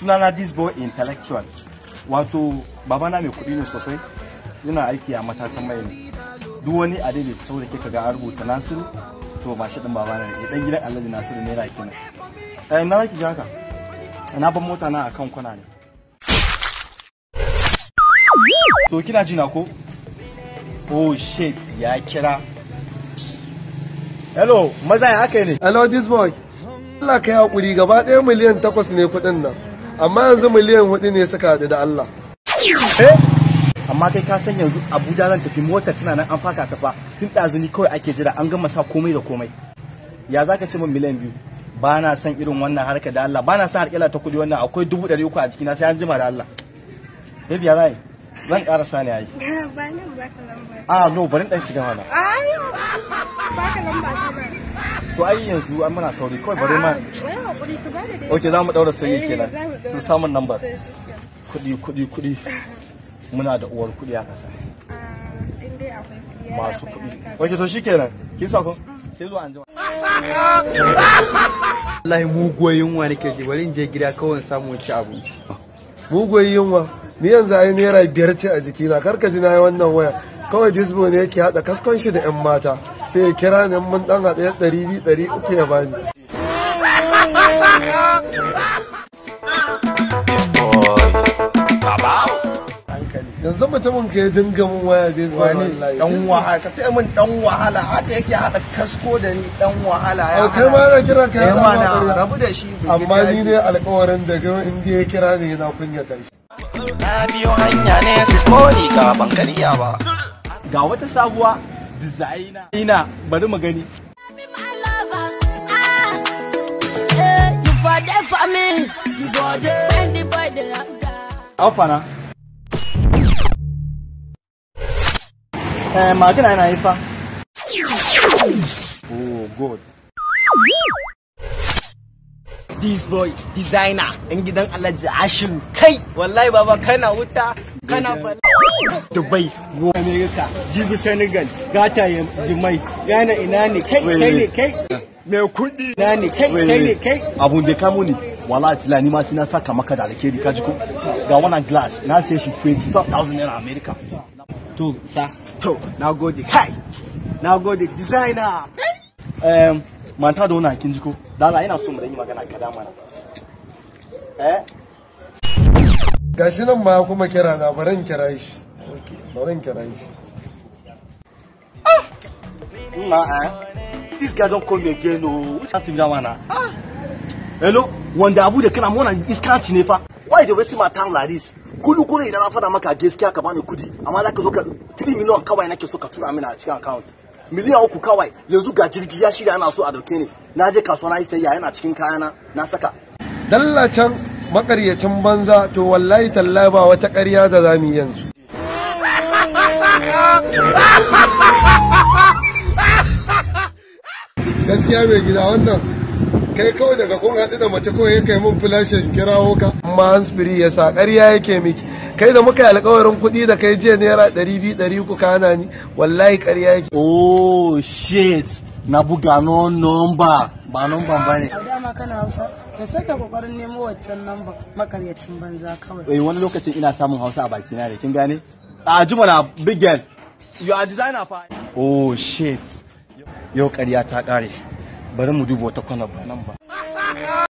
Sunana this boy intellectual wato babana mai kuɗi ne sosai yana aiki a matakan mai duk wani adili saboda kika ga rubuta nasiru to ba shi babana ne ɗan gidan alhaji nasiru naira kenan eh na zaki jaka na ban mota na akan kwana ne so kina jina ko oh shit ya kira hello maza ya aka ne hello this boy Allah ka yi hakuri gaba ɗaya miliyan takwas ne kuɗin nan amma yanzu miliyan hudu ne suka haɗu da Allah eh, amma kai ka san yanzu Abuja zan tafi mota tana nan an faka ta fa tun ɗazuni kawai ake jira an gama sa komai da komai ya za ka ci min miliyan biyu ba na san irin wannan harka da Allah ba na san harƙila ta kuɗi wannan akwai dubu ɗari uku a jikina sai an jima da Allah. Baby ya yi zan karasa ah, ne ah, ai ba nan baka lamba a no bari dan shiga mana ayo baka lamba to ai yanzu an muna sauri kawai bari ma wai za mu bada dai okay daura soyayya eh, kenan sun samun number kudi kudi kudi muna da uwar kudi a kasa ah, masu kudi okay to shikenan kin sako mm. sai zuwa anjima wallahi mugoyin wa nake ji bari in je gida kawai samu ci abinci mugoyin yunwa ni yanzu ai naira biyar ce a jikina karka ji na yi wannan waya kawai disbo ne yake haɗa kaskon shi da 'yan mata sai ya kira ni mun dan haɗa ɗari biyu ɗari uku ya bani. yanzu mutumin ka ya dinga mun waya baseball wallahi dan wahala ka ce min dan wahala haka yake hada kasko da ni dan wahala ya kai ma na kira ka eh, ya rabu da shi amma ni ne alƙawarin daga in ya kira ne na kunya tashi na biyo hanya ne siskoni ka ban ba ga wata sabuwa designer ina bari mu gani Alfana. Eh, magana yana yi fa. Oh, good. this boy designer yan gidan alhaji ashiru kai wallahi baba kana wuta kana fala dubai gobe america jibi senegal gata ya jimai yana ina ne kai kai ne kai me kudi na ne kai kai ne kai abu da kamo ne wala tila ni ma sina saka maka da alkeri kaji ko ga wannan glass na sai shi 20000 naira america to sa to na gode kai na gode designer um manta da wani hakin jiko dala ina so mu dan yi magana kada mana eh gashi nan ma kuma kira na barin kira shi barin kira shi ah ma eh this guy don't come again oh which thing that one ah? ah hello wanda abu da kana mona iskanci ne fa why they waste my time like this kullu kure idan na fada maka gaskiya ka bani kudi amma zaka zo ka 3 million kawai nake so ka tura mina a cikin account miliyan uku kawai yanzu ga jirgi ya shirya ana so a dauke ne, na je kasuwa na yi sayya yana cikin kayana na saka dallacen makaryacin banza to wallahi tallahi ba wata karya da zamu yanzu gaskiya mai gida wannan kai kawai daga kun haɗu da mace ko kai mun filashin kirawo ka amma hansfiri ya sa ƙarya yake miki kai da muka yi alƙawarin kuɗi da kai jiya naira ɗari biyu ɗari uku kana ni wallahi ƙarya yake oh shit na buga no nomba ba nomba ba ne ma kana hausa to sai ka kokarin nemo waccan number makaryacin banza kawai eh, wani lokacin ina samun hausa a baki na ne kin gane ah, a na big girl you are designer fa oh shit yau ƙarya ta ƙare bari mu duba wata kwana ba nan ba